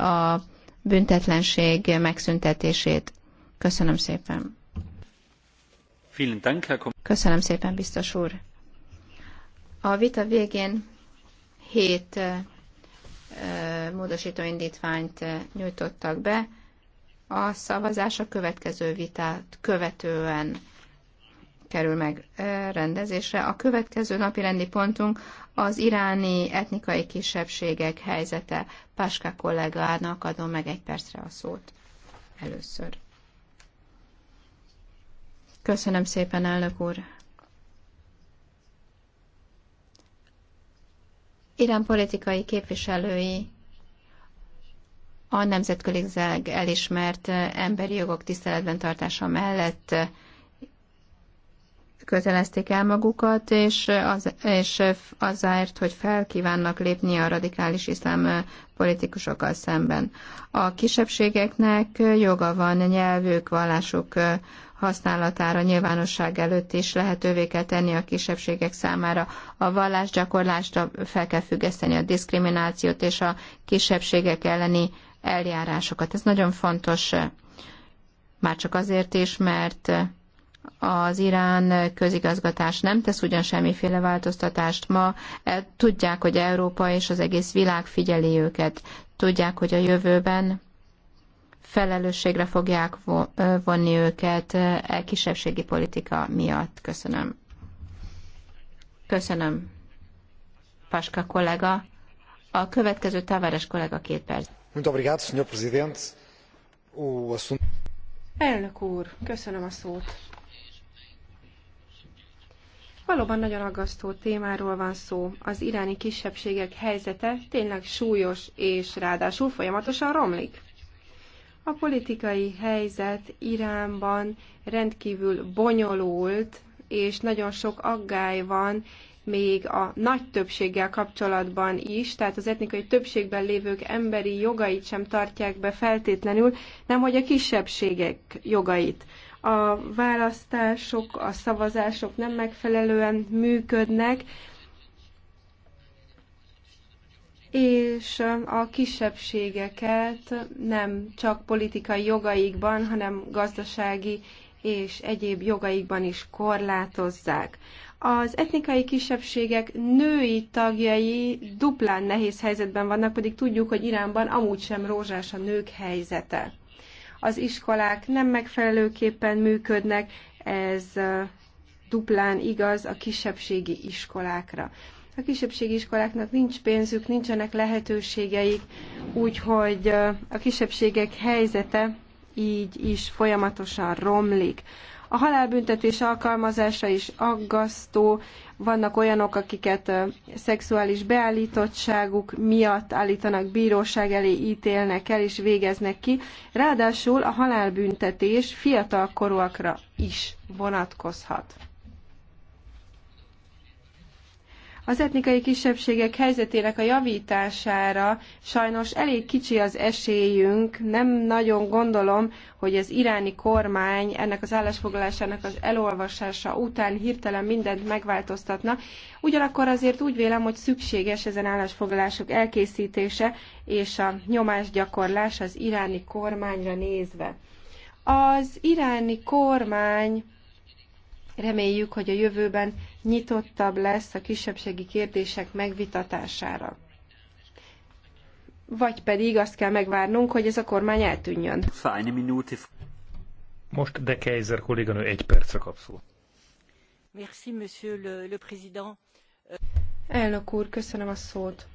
a büntetlenség megszüntetését. Köszönöm szépen. Köszönöm szépen, biztos úr. A vita végén hét módosító indítványt nyújtottak be. A szavazás a következő vitát követően kerül meg rendezésre. A következő napi rendi pontunk az iráni etnikai kisebbségek helyzete. Páska kollégának adom meg egy percre a szót először. Köszönöm szépen, elnök úr! Irán politikai képviselői a nemzetközileg elismert emberi jogok tiszteletben tartása mellett kötelezték el magukat, és, az, és azért, hogy felkívánnak lépni a radikális iszlám politikusokkal szemben. A kisebbségeknek joga van nyelvük, vallásuk használatára nyilvánosság előtt is lehetővé kell tenni a kisebbségek számára. A vallásgyakorlást fel kell függeszteni a diszkriminációt és a kisebbségek elleni eljárásokat. Ez nagyon fontos már csak azért is, mert az Irán közigazgatás nem tesz ugyan semmiféle változtatást ma, e, tudják, hogy Európa és az egész világ figyeli őket, tudják, hogy a jövőben felelősségre fogják vonni őket a e kisebbségi politika miatt. Köszönöm. Köszönöm, Paska kollega. A következő Tavares kollega két perc. Muito obrigado, senhor presidente. O assunto... Elnök úr, köszönöm a szót Valóban nagyon aggasztó témáról van szó. Az iráni kisebbségek helyzete tényleg súlyos, és ráadásul folyamatosan romlik. A politikai helyzet Iránban rendkívül bonyolult, és nagyon sok aggály van, még a nagy többséggel kapcsolatban is, tehát az etnikai többségben lévők emberi jogait sem tartják be feltétlenül, nem hogy a kisebbségek jogait a választások, a szavazások nem megfelelően működnek, és a kisebbségeket nem csak politikai jogaikban, hanem gazdasági és egyéb jogaikban is korlátozzák. Az etnikai kisebbségek női tagjai duplán nehéz helyzetben vannak, pedig tudjuk, hogy Iránban amúgy sem rózsás a nők helyzete az iskolák nem megfelelőképpen működnek, ez duplán igaz a kisebbségi iskolákra. A kisebbségi iskoláknak nincs pénzük, nincsenek lehetőségeik, úgyhogy a kisebbségek helyzete így is folyamatosan romlik. A halálbüntetés alkalmazása is aggasztó, vannak olyanok, akiket szexuális beállítottságuk miatt állítanak bíróság elé, ítélnek el és végeznek ki. Ráadásul a halálbüntetés fiatalkorúakra is vonatkozhat. Az etnikai kisebbségek helyzetének a javítására sajnos elég kicsi az esélyünk, nem nagyon gondolom, hogy az iráni kormány ennek az állásfoglalásának az elolvasása után hirtelen mindent megváltoztatna. Ugyanakkor azért úgy vélem, hogy szükséges ezen állásfoglalások elkészítése és a nyomásgyakorlás az iráni kormányra nézve. Az iráni kormány reméljük, hogy a jövőben nyitottabb lesz a kisebbségi kérdések megvitatására. Vagy pedig azt kell megvárnunk, hogy ez a kormány eltűnjön. Most de Kaiser kolléganő egy percre kap szó. Merci, monsieur le, le président. Elnök úr, köszönöm a szót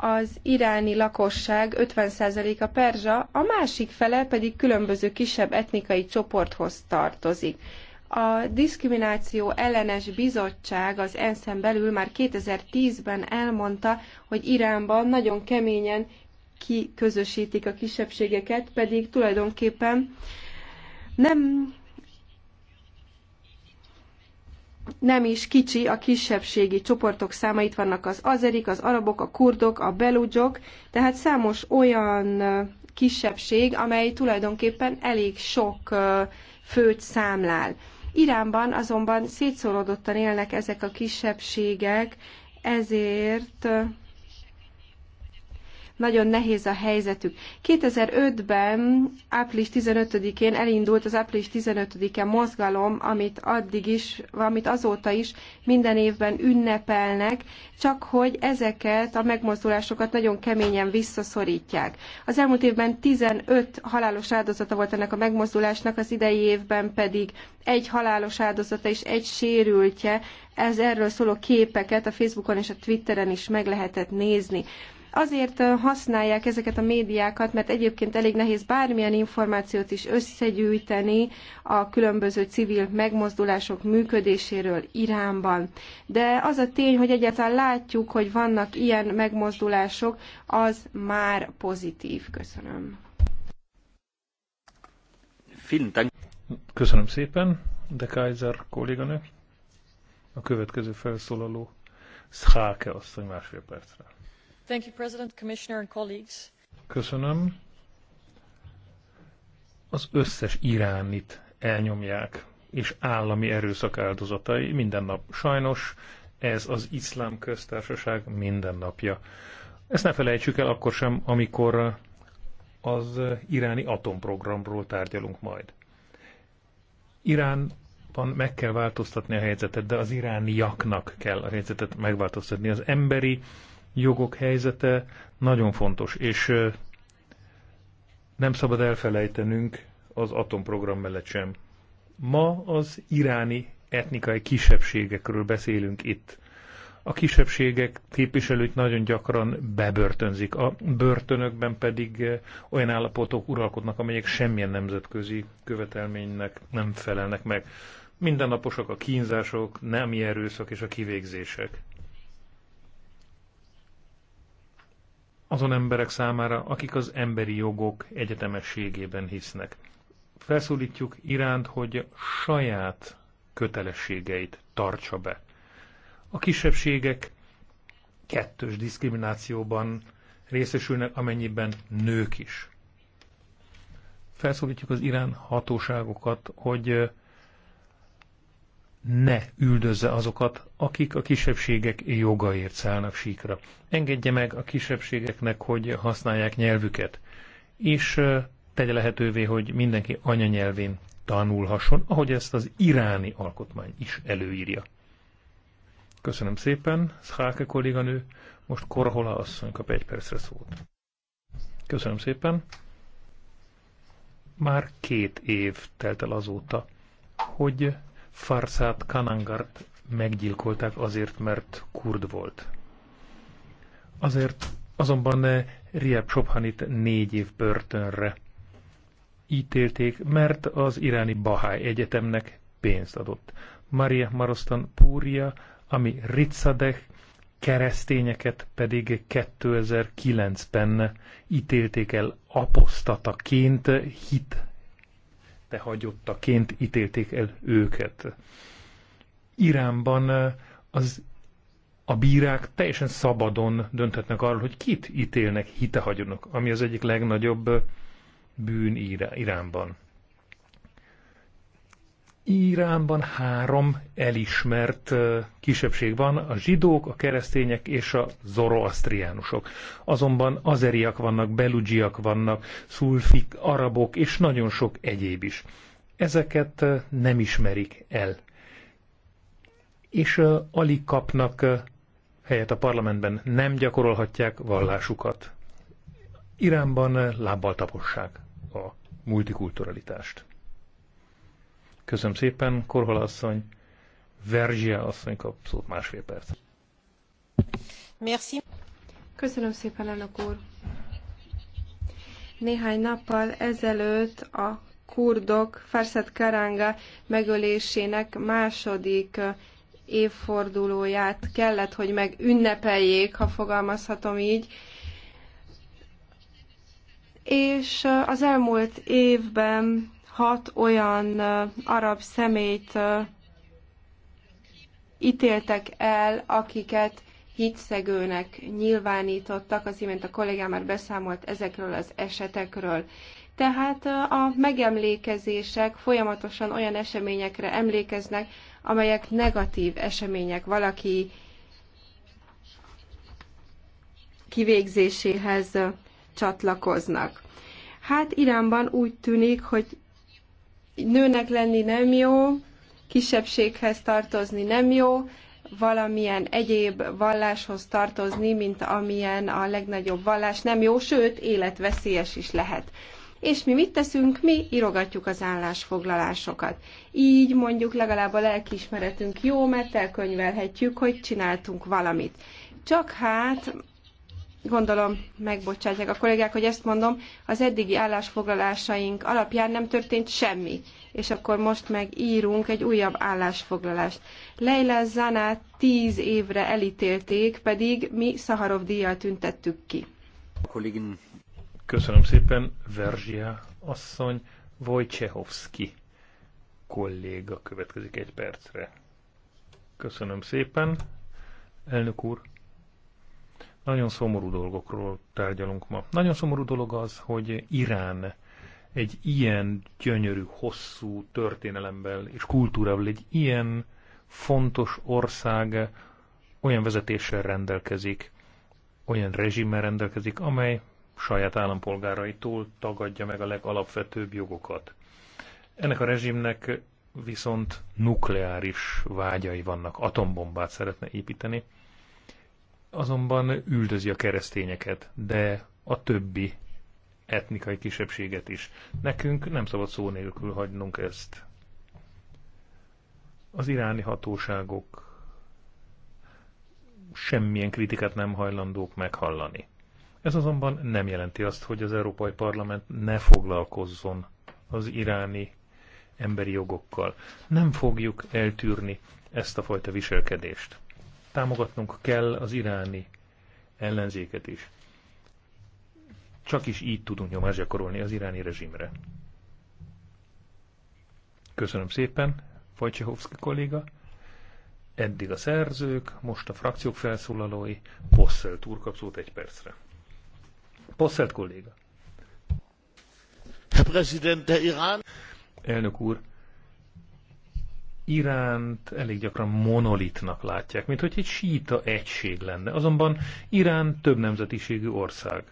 az iráni lakosság 50%-a perzsa, a másik fele pedig különböző kisebb etnikai csoporthoz tartozik. A diszkrimináció ellenes bizottság az ensz belül már 2010-ben elmondta, hogy Iránban nagyon keményen kiközösítik a kisebbségeket, pedig tulajdonképpen nem nem is kicsi a kisebbségi csoportok száma, itt vannak az azerik, az arabok, a kurdok, a belugyok, tehát számos olyan kisebbség, amely tulajdonképpen elég sok főt számlál. Iránban azonban szétszóródottan élnek ezek a kisebbségek, ezért nagyon nehéz a helyzetük. 2005-ben, április 15-én elindult az április 15-e mozgalom, amit addig is, amit azóta is minden évben ünnepelnek, csak hogy ezeket a megmozdulásokat nagyon keményen visszaszorítják. Az elmúlt évben 15 halálos áldozata volt ennek a megmozdulásnak, az idei évben pedig egy halálos áldozata és egy sérültje, ez erről szóló képeket a Facebookon és a Twitteren is meg lehetett nézni azért használják ezeket a médiákat, mert egyébként elég nehéz bármilyen információt is összegyűjteni a különböző civil megmozdulások működéséről Iránban. De az a tény, hogy egyáltalán látjuk, hogy vannak ilyen megmozdulások, az már pozitív. Köszönöm. Köszönöm szépen, de Kaiser kolléganő. A következő felszólaló Szháke asszony másfél percre. Thank you, President, Commissioner and colleagues. Köszönöm. Az összes iránit elnyomják, és állami erőszak áldozatai minden nap. Sajnos ez az iszlám köztársaság mindennapja. Ezt ne felejtsük el akkor sem, amikor az iráni atomprogramról tárgyalunk majd. Iránban meg kell változtatni a helyzetet, de az irániaknak kell a helyzetet megváltoztatni. Az emberi jogok helyzete nagyon fontos, és nem szabad elfelejtenünk az atomprogram mellett sem. Ma az iráni etnikai kisebbségekről beszélünk itt. A kisebbségek képviselőit nagyon gyakran bebörtönzik, a börtönökben pedig olyan állapotok uralkodnak, amelyek semmilyen nemzetközi követelménynek nem felelnek meg. Mindennaposak a kínzások, nemi erőszak és a kivégzések. azon emberek számára, akik az emberi jogok egyetemességében hisznek. Felszólítjuk Iránt, hogy saját kötelességeit tartsa be. A kisebbségek kettős diszkriminációban részesülnek, amennyiben nők is. Felszólítjuk az irán hatóságokat, hogy ne üldözze azokat, akik a kisebbségek jogaért szállnak síkra. Engedje meg a kisebbségeknek, hogy használják nyelvüket, és tegye lehetővé, hogy mindenki anyanyelvén tanulhasson, ahogy ezt az iráni alkotmány is előírja. Köszönöm szépen, Szháke kolléganő, most Korhola asszony kap egy percre szót. Köszönöm szépen. Már két év telt el azóta, hogy Farsát Kanangart meggyilkolták azért, mert kurd volt. Azért azonban eh, Riab Sobhanit négy év börtönre ítélték, mert az iráni Baháj Egyetemnek pénzt adott. Maria Marostan Púria, ami Ritzadeh keresztényeket pedig 2009-ben ítélték el apostataként hit behagyottaként ítélték el őket. Iránban az a bírák teljesen szabadon dönthetnek arról, hogy kit ítélnek, hitehagyonok, ami az egyik legnagyobb bűn Iránban. Iránban három elismert kisebbség van, a zsidók, a keresztények és a zoroasztriánusok. Azonban azeriak vannak, beludzsiak vannak, szulfik, arabok és nagyon sok egyéb is. Ezeket nem ismerik el. És alig kapnak helyet a parlamentben, nem gyakorolhatják vallásukat. Iránban lábbal tapossák a multikulturalitást. Köszönöm szépen, Korhola asszony, Verzsia asszony kap szót másfél perc. Merci. Köszönöm szépen, elnök úr. Néhány nappal ezelőtt a kurdok Farsad Karanga megölésének második évfordulóját kellett, hogy megünnepeljék, ha fogalmazhatom így. És az elmúlt évben hat olyan arab szemét ítéltek el, akiket hitszegőnek nyilvánítottak, az imént a kollégám már beszámolt ezekről az esetekről. Tehát a megemlékezések folyamatosan olyan eseményekre emlékeznek, amelyek negatív események. Valaki kivégzéséhez csatlakoznak. Hát Iránban úgy tűnik, hogy nőnek lenni nem jó, kisebbséghez tartozni nem jó, valamilyen egyéb valláshoz tartozni, mint amilyen a legnagyobb vallás nem jó, sőt, életveszélyes is lehet. És mi mit teszünk? Mi irogatjuk az állásfoglalásokat. Így mondjuk legalább a lelkiismeretünk jó, mert elkönyvelhetjük, hogy csináltunk valamit. Csak hát gondolom megbocsátják a kollégák, hogy ezt mondom, az eddigi állásfoglalásaink alapján nem történt semmi, és akkor most megírunk egy újabb állásfoglalást. Leila Zanát tíz évre elítélték, pedig mi Szaharov díjjal tüntettük ki. Köszönöm szépen, Verzsia asszony, Wojciechowski kolléga következik egy percre. Köszönöm szépen, elnök úr. Nagyon szomorú dolgokról tárgyalunk ma. Nagyon szomorú dolog az, hogy Irán egy ilyen gyönyörű, hosszú történelemmel és kultúrával, egy ilyen fontos ország olyan vezetéssel rendelkezik, olyan rezsimmel rendelkezik, amely saját állampolgáraitól tagadja meg a legalapvetőbb jogokat. Ennek a rezsimnek viszont nukleáris vágyai vannak, atombombát szeretne építeni, azonban üldözi a keresztényeket, de a többi etnikai kisebbséget is. Nekünk nem szabad szó nélkül hagynunk ezt. Az iráni hatóságok semmilyen kritikát nem hajlandók meghallani. Ez azonban nem jelenti azt, hogy az Európai Parlament ne foglalkozzon az iráni emberi jogokkal. Nem fogjuk eltűrni ezt a fajta viselkedést támogatnunk kell az iráni ellenzéket is. Csak is így tudunk nyomást gyakorolni az iráni rezsimre. Köszönöm szépen, Fajcsehovszki kolléga. Eddig a szerzők, most a frakciók felszólalói. Posszelt úr kap szót egy percre. Posszelt kolléga. Herr Präsident, der Irán. Elnök úr, Iránt elég gyakran monolitnak látják, mint hogy egy síta egység lenne. Azonban Irán több nemzetiségű ország,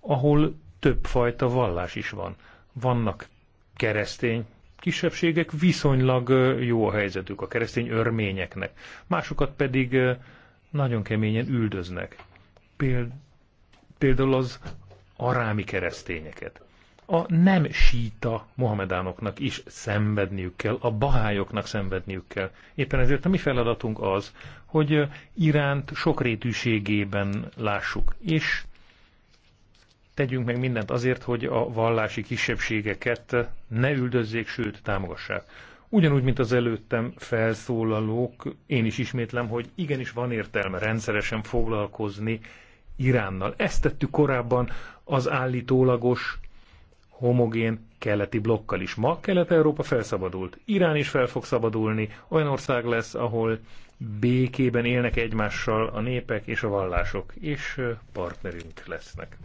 ahol többfajta vallás is van. Vannak keresztény kisebbségek, viszonylag jó a helyzetük a keresztény örményeknek. Másokat pedig nagyon keményen üldöznek. Például az arámi keresztényeket a nem síta mohamedánoknak is szenvedniük kell, a bahályoknak szenvedniük kell. Éppen ezért a mi feladatunk az, hogy Iránt sokrétűségében lássuk, és tegyünk meg mindent azért, hogy a vallási kisebbségeket ne üldözzék, sőt támogassák. Ugyanúgy, mint az előttem felszólalók, én is ismétlem, hogy igenis van értelme rendszeresen foglalkozni Iránnal. Ezt tettük korábban az állítólagos homogén keleti blokkal is. Ma Kelet-Európa felszabadult. Irán is fel fog szabadulni, olyan ország lesz, ahol békében élnek egymással a népek és a vallások, és partnerünk lesznek.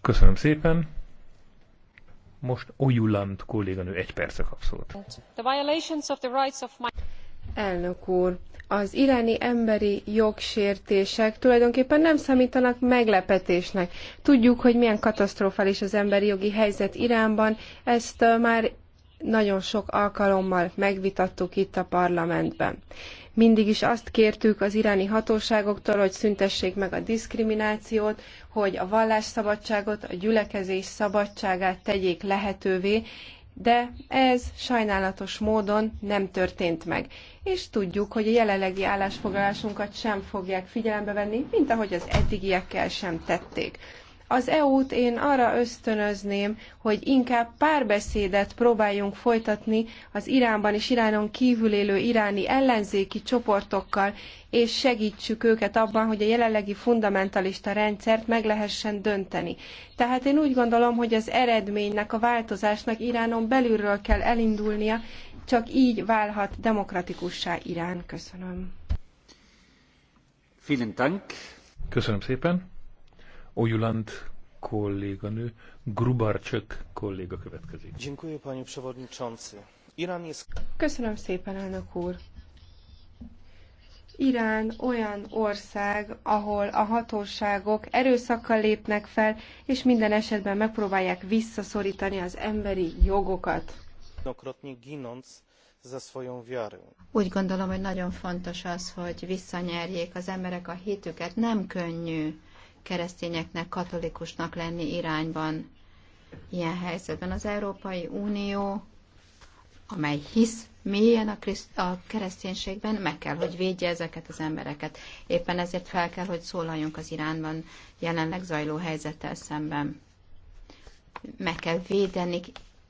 Köszönöm szépen. Most Ojuland kolléganő egy perce kap szót. Elnök úr, az iráni emberi jogsértések tulajdonképpen nem számítanak meglepetésnek. Tudjuk, hogy milyen katasztrofális az emberi jogi helyzet Iránban, ezt már nagyon sok alkalommal megvitattuk itt a parlamentben. Mindig is azt kértük az iráni hatóságoktól, hogy szüntessék meg a diszkriminációt, hogy a vallásszabadságot, a gyülekezés szabadságát tegyék lehetővé, de ez sajnálatos módon nem történt meg. És tudjuk, hogy a jelenlegi állásfoglalásunkat sem fogják figyelembe venni, mint ahogy az eddigiekkel sem tették. Az EU-t én arra ösztönözném, hogy inkább párbeszédet próbáljunk folytatni az Iránban és Iránon kívül élő iráni ellenzéki csoportokkal, és segítsük őket abban, hogy a jelenlegi fundamentalista rendszert meg lehessen dönteni. Tehát én úgy gondolom, hogy az eredménynek, a változásnak Iránon belülről kell elindulnia, csak így válhat demokratikussá Irán. Köszönöm. Vielen Dank. Köszönöm szépen. Ojuland kolléganő, Grubarcsök kolléga következik. Köszönöm szépen, elnök úr! Irán olyan ország, ahol a hatóságok erőszakkal lépnek fel, és minden esetben megpróbálják visszaszorítani az emberi jogokat. Úgy gondolom, hogy nagyon fontos az, hogy visszanyerjék az emberek a hitüket. Nem könnyű keresztényeknek katolikusnak lenni irányban. Ilyen helyzetben az Európai Unió, amely hisz mélyen a, kriszt- a kereszténységben, meg kell, hogy védje ezeket az embereket. Éppen ezért fel kell, hogy szólaljunk az Iránban jelenleg zajló helyzettel szemben. Meg kell védeni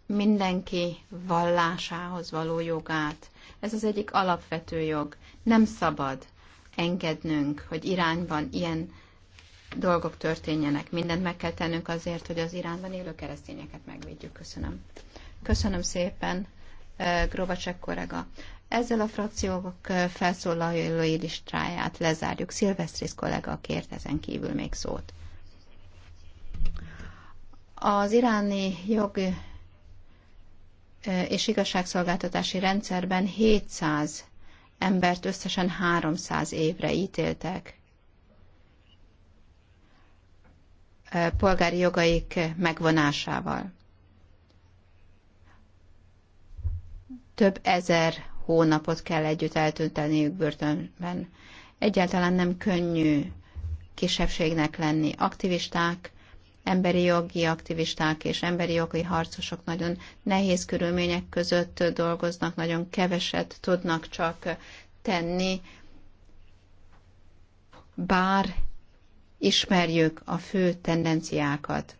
mindenki vallásához való jogát. Ez az egyik alapvető jog. Nem szabad engednünk, hogy Iránban ilyen dolgok történjenek. Mindent meg kell tennünk azért, hogy az Iránban élő keresztényeket megvédjük. Köszönöm. Köszönöm szépen, eh, Grobacsek korega. Ezzel a frakciók eh, felszólalói listáját lezárjuk. Szilvesztris kollega kért ezen kívül még szót. Az iráni jog eh, és igazságszolgáltatási rendszerben 700 embert összesen 300 évre ítéltek polgári jogaik megvonásával. Több ezer hónapot kell együtt eltölteniük börtönben. Egyáltalán nem könnyű kisebbségnek lenni. Aktivisták, emberi jogi aktivisták és emberi jogi harcosok nagyon nehéz körülmények között dolgoznak, nagyon keveset tudnak csak tenni, bár ismerjük a fő tendenciákat.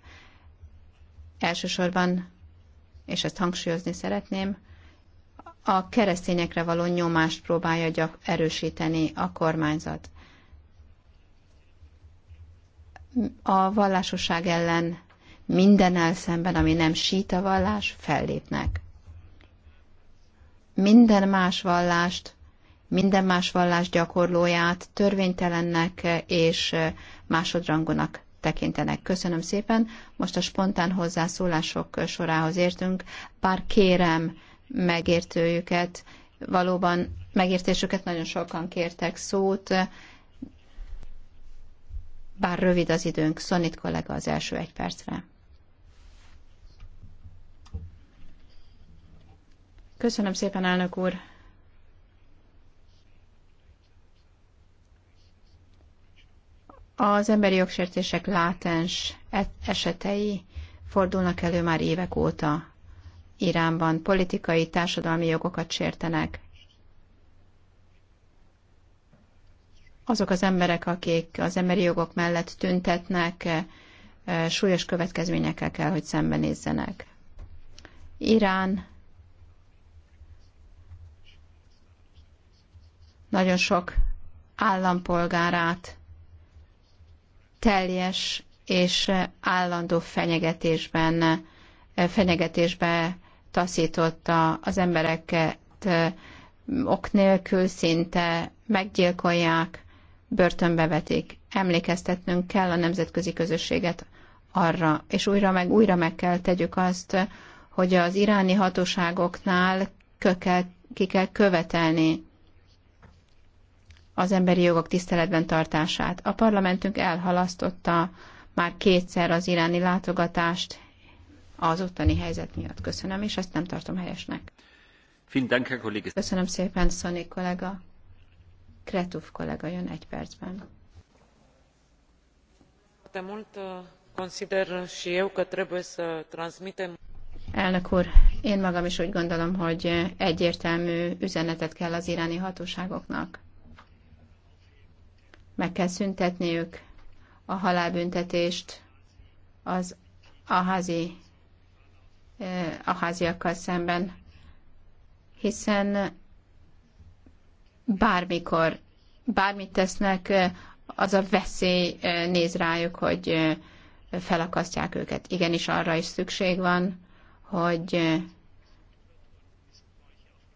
Elsősorban, és ezt hangsúlyozni szeretném, a keresztényekre való nyomást próbálja gyak erősíteni a kormányzat. A vallásosság ellen minden szemben, ami nem síta vallás, fellépnek. Minden más vallást minden más vallás gyakorlóját törvénytelennek és másodrangonak tekintenek. Köszönöm szépen. Most a spontán hozzászólások sorához értünk. Pár kérem megértőjüket, valóban megértésüket nagyon sokan kértek szót, bár rövid az időnk. Szonit kollega az első egy percre. Köszönöm szépen, elnök úr. Az emberi jogsértések látens e- esetei fordulnak elő már évek óta. Iránban politikai, társadalmi jogokat sértenek. Azok az emberek, akik az emberi jogok mellett tüntetnek, e, e, súlyos következményekkel kell, hogy szembenézzenek. Irán nagyon sok állampolgárát teljes és állandó fenyegetésben, fenyegetésbe taszította az embereket ok nélkül szinte meggyilkolják, börtönbe vetik. Emlékeztetnünk kell a nemzetközi közösséget arra, és újra meg újra meg kell tegyük azt, hogy az iráni hatóságoknál kö kell, ki kell követelni az emberi jogok tiszteletben tartását. A parlamentünk elhalasztotta már kétszer az iráni látogatást az ottani helyzet miatt. Köszönöm, és ezt nem tartom helyesnek. Köszönöm szépen, Szoni kollega. Kretuf kollega jön egy percben. De mult uh, consider și eu că trebuie să transmitem Elnök úr, én magam is úgy gondolom, hogy egyértelmű üzenetet kell az iráni hatóságoknak meg kell szüntetniük a halálbüntetést az aházi, aháziakkal szemben, hiszen bármikor, bármit tesznek, az a veszély néz rájuk, hogy felakasztják őket. Igenis arra is szükség van, hogy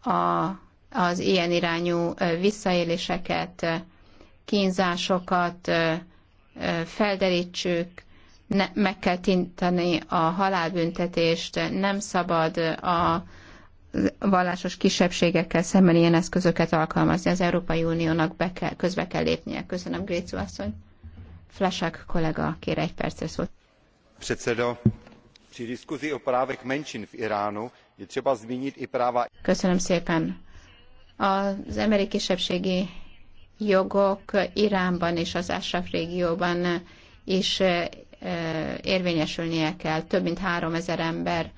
a, az ilyen irányú visszaéléseket kínzásokat felderítsük, ne, meg kell tinteni a halálbüntetést, nem szabad a vallásos kisebbségekkel szemben ilyen eszközöket alkalmazni. Az Európai Uniónak be kell, közbe kell lépnie. Köszönöm, Grécu asszony. Flasák kollega kér egy percre szót. Předsedo, při diskuzi o právech menšin v Iránu je třeba zmínit i práva... Köszönöm szépen. Az emberi kisebbségi jogok Iránban és az Ashraf régióban is eh, érvényesülnie kell. Több mint három ezer ember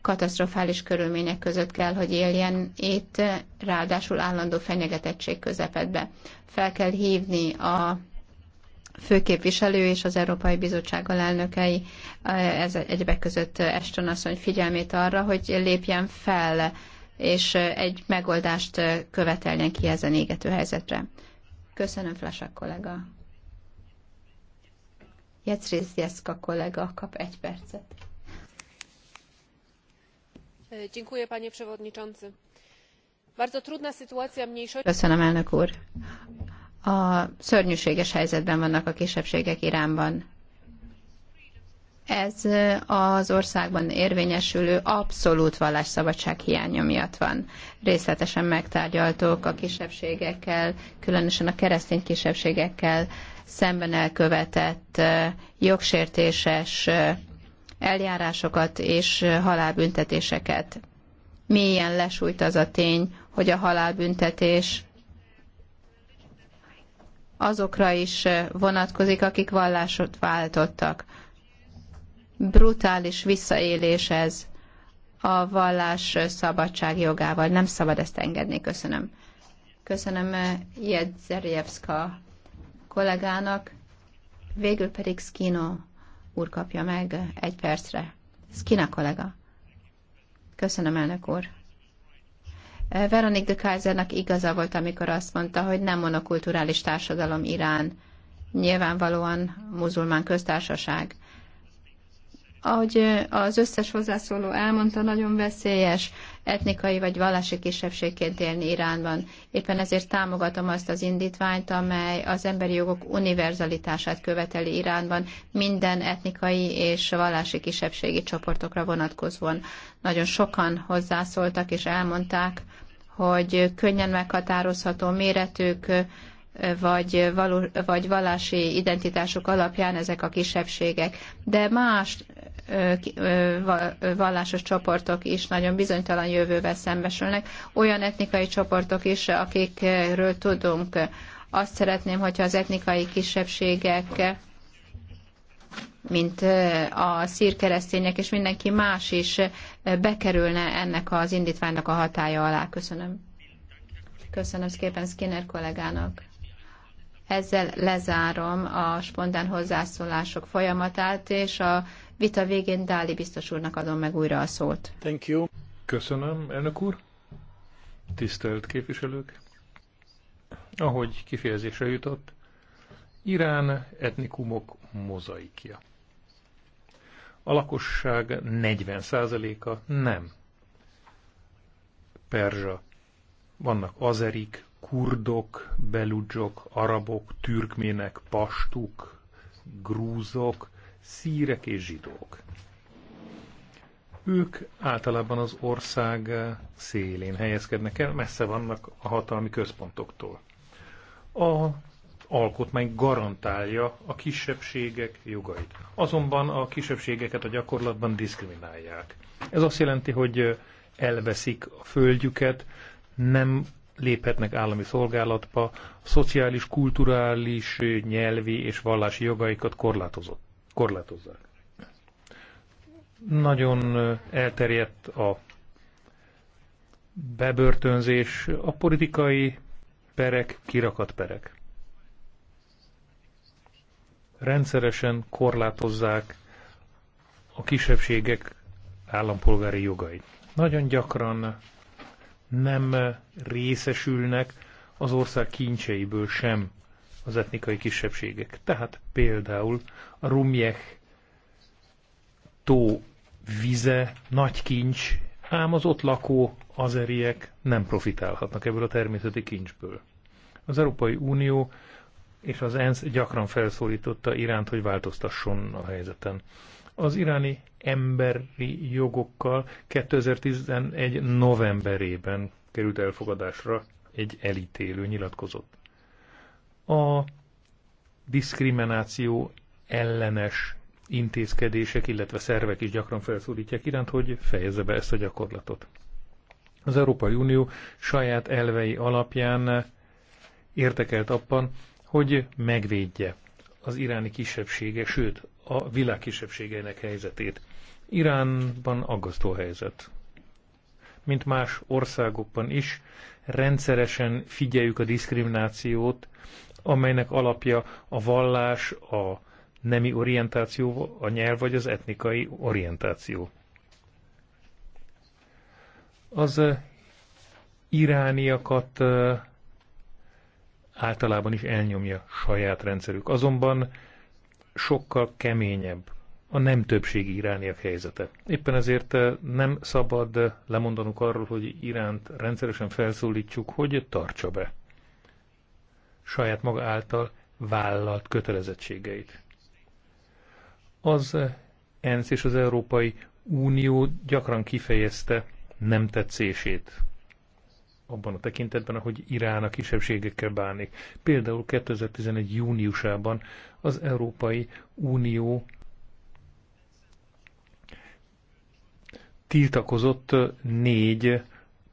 katasztrofális körülmények között kell, hogy éljen itt, ráadásul állandó fenyegetettség közepetbe. Fel kell hívni a főképviselő és az Európai Bizottság alelnökei eh, ez egyebek között Eston asszony figyelmét arra, hogy lépjen fel és egy megoldást követelnek ki ezen égető helyzetre. Köszönöm, Flasak kollega. Jecrész Jeszka kollega kap egy percet. E, dziękuję, panie przewodniczący. Bardzo trudna sytuacja mniejszości... Köszönöm, elnök úr. A szörnyűséges helyzetben vannak a kisebbségek Iránban ez az országban érvényesülő abszolút vallásszabadság hiánya miatt van. Részletesen megtárgyaltuk a kisebbségekkel, különösen a keresztény kisebbségekkel szemben elkövetett jogsértéses eljárásokat és halálbüntetéseket. Mélyen lesújt az a tény, hogy a halálbüntetés azokra is vonatkozik, akik vallásot váltottak brutális visszaélés ez a vallás szabadság jogával. Nem szabad ezt engedni. Köszönöm. Köszönöm eh, Jedzerjevszka kollégának. Végül pedig Skino úr kapja meg egy percre. Skina kollega. Köszönöm, elnök úr. Eh, Veronique de Kaisernak igaza volt, amikor azt mondta, hogy nem monokulturális társadalom Irán, nyilvánvalóan muzulmán köztársaság ahogy az összes hozzászóló elmondta, nagyon veszélyes etnikai vagy vallási kisebbségként élni Iránban. Éppen ezért támogatom azt az indítványt, amely az emberi jogok univerzalitását követeli Iránban minden etnikai és vallási kisebbségi csoportokra vonatkozóan. Nagyon sokan hozzászóltak és elmondták, hogy könnyen meghatározható méretük, vagy, való, vagy vallási identitások alapján ezek a kisebbségek. De más vallásos csoportok is nagyon bizonytalan jövővel szembesülnek, olyan etnikai csoportok is, akikről tudunk. Azt szeretném, hogyha az etnikai kisebbségek mint a szírkeresztények és mindenki más is bekerülne ennek az indítványnak a hatája alá. Köszönöm. Köszönöm szépen Skinner kollégának. Ezzel lezárom a spontán hozzászólások folyamatát, és a vita végén Dáli biztos úrnak adom meg újra a szót. Thank you. Köszönöm, elnök úr. Tisztelt képviselők. Ahogy kifejezésre jutott, Irán etnikumok mozaikja. A lakosság 40%-a nem perzsa. Vannak azerik, kurdok, beludzsok, arabok, türkmének, pastuk, grúzok, szírek és zsidók. Ők általában az ország szélén helyezkednek el, messze vannak a hatalmi központoktól. A alkotmány garantálja a kisebbségek jogait. Azonban a kisebbségeket a gyakorlatban diszkriminálják. Ez azt jelenti, hogy elveszik a földjüket, nem léphetnek állami szolgálatba, a szociális, kulturális, nyelvi és vallási jogaikat korlátozott korlátozzák. Nagyon elterjedt a bebörtönzés, a politikai perek, kirakat perek. Rendszeresen korlátozzák a kisebbségek állampolgári jogait. Nagyon gyakran nem részesülnek az ország kincseiből sem az etnikai kisebbségek. Tehát például a Rumjek tó vize nagy kincs, ám az ott lakó azeriek nem profitálhatnak ebből a természeti kincsből. Az Európai Unió és az ENSZ gyakran felszólította Iránt, hogy változtasson a helyzeten. Az iráni emberi jogokkal 2011 novemberében került elfogadásra egy elítélő nyilatkozat a diszkrimináció ellenes intézkedések, illetve szervek is gyakran felszólítják iránt, hogy fejezze be ezt a gyakorlatot. Az Európai Unió saját elvei alapján értekelt abban, hogy megvédje az iráni kisebbsége, sőt, a világ kisebbségeinek helyzetét. Iránban aggasztó helyzet. Mint más országokban is, rendszeresen figyeljük a diszkriminációt, amelynek alapja a vallás, a nemi orientáció, a nyelv vagy az etnikai orientáció. Az eh, irániakat eh, általában is elnyomja saját rendszerük. Azonban sokkal keményebb a nem többségi irániak helyzete. Éppen ezért eh, nem szabad lemondanunk arról, hogy Iránt rendszeresen felszólítsuk, hogy tartsa be saját maga által vállalt kötelezettségeit. Az ENSZ és az Európai Unió gyakran kifejezte nem tetszését abban a tekintetben, ahogy Irán a kisebbségekkel bánik. Például 2011. júniusában az Európai Unió tiltakozott négy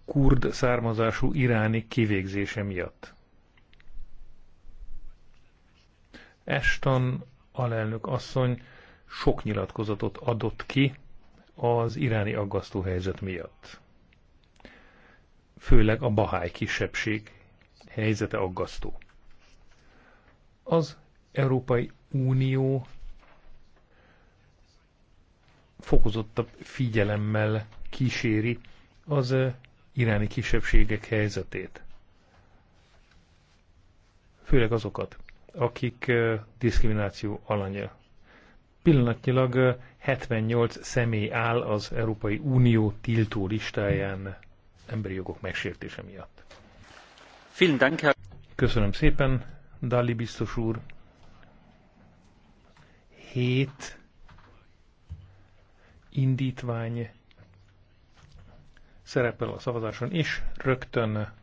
kurd származású iráni kivégzése miatt. Ashton alelnök asszony sok nyilatkozatot adott ki az iráni aggasztó helyzet miatt. Főleg a baháj kisebbség helyzete aggasztó. Az Európai Unió fokozottabb figyelemmel kíséri az iráni kisebbségek helyzetét. Főleg azokat, akik diszkrimináció alanya. Pillanatnyilag 78 személy áll az Európai Unió tiltó listáján emberi jogok megsértése miatt. Köszönöm szépen, Dali biztos úr. 7 indítvány szerepel a szavazáson, és rögtön